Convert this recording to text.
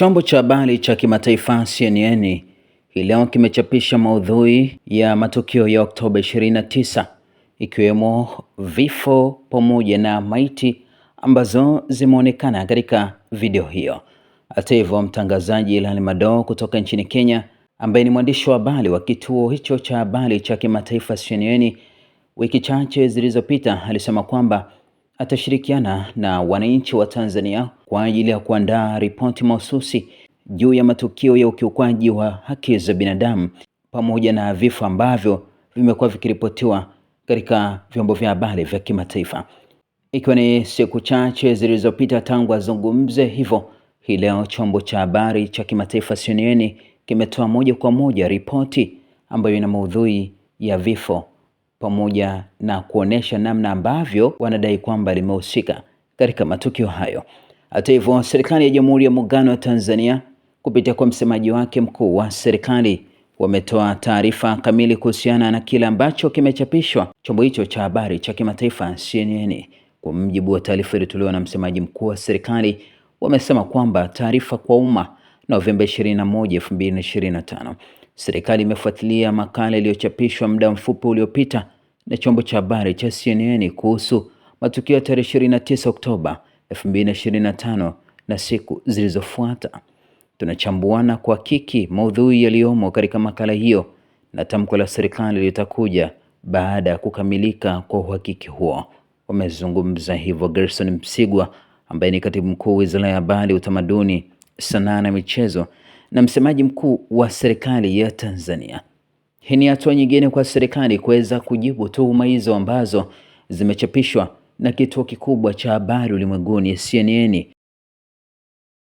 Chombo cha habari cha kimataifa CNN hii leo kimechapisha maudhui ya matukio ya Oktoba 29 ikiwemo vifo pamoja na maiti ambazo zimeonekana katika video hiyo. Hata hivyo, mtangazaji Ilan Mado kutoka nchini Kenya ambaye ni mwandishi wa habari wa kituo hicho cha habari cha kimataifa CNN wiki chache zilizopita alisema kwamba atashirikiana na wananchi wa Tanzania kwa ajili ya kuandaa ripoti mahususi juu ya matukio ya ukiukwaji wa haki za binadamu pamoja na vifo ambavyo vimekuwa vikiripotiwa katika vyombo vya habari vya kimataifa. Ikiwa ni siku chache zilizopita tangu azungumze hivyo, hii leo chombo cha habari cha kimataifa CNN kimetoa moja kwa moja ripoti ambayo ina maudhui ya vifo pamoja na kuonesha namna ambavyo wanadai kwamba limehusika katika matukio hayo. Hata hivyo, serikali ya Jamhuri ya Muungano wa Tanzania kupitia kwa msemaji wake mkuu wa serikali wametoa taarifa kamili kuhusiana na kile ambacho kimechapishwa chombo hicho cha habari cha kimataifa CNN. Kwa mjibu wa taarifa iliyotolewa na msemaji mkuu wa serikali, wamesema kwamba taarifa kwa umma Novemba 21, 2025, serikali imefuatilia makala iliyochapishwa muda mfupi uliopita na chombo cha habari cha CNN kuhusu matukio ya tarehe 29 Oktoba 2025 na siku zilizofuata. Tunachambuana kwa kiki maudhui yaliyomo katika makala hiyo na tamko la serikali litakuja baada ya kukamilika kwa uhakiki huo. Wamezungumza hivyo Gerson Msigwa ambaye ni katibu mkuu Wizara ya Habari, Utamaduni, Sanaa na Michezo na msemaji mkuu wa serikali ya Tanzania. Hii ni hatua nyingine kwa serikali kuweza kujibu tuhuma hizo ambazo zimechapishwa na kituo kikubwa cha habari ulimwenguni CNN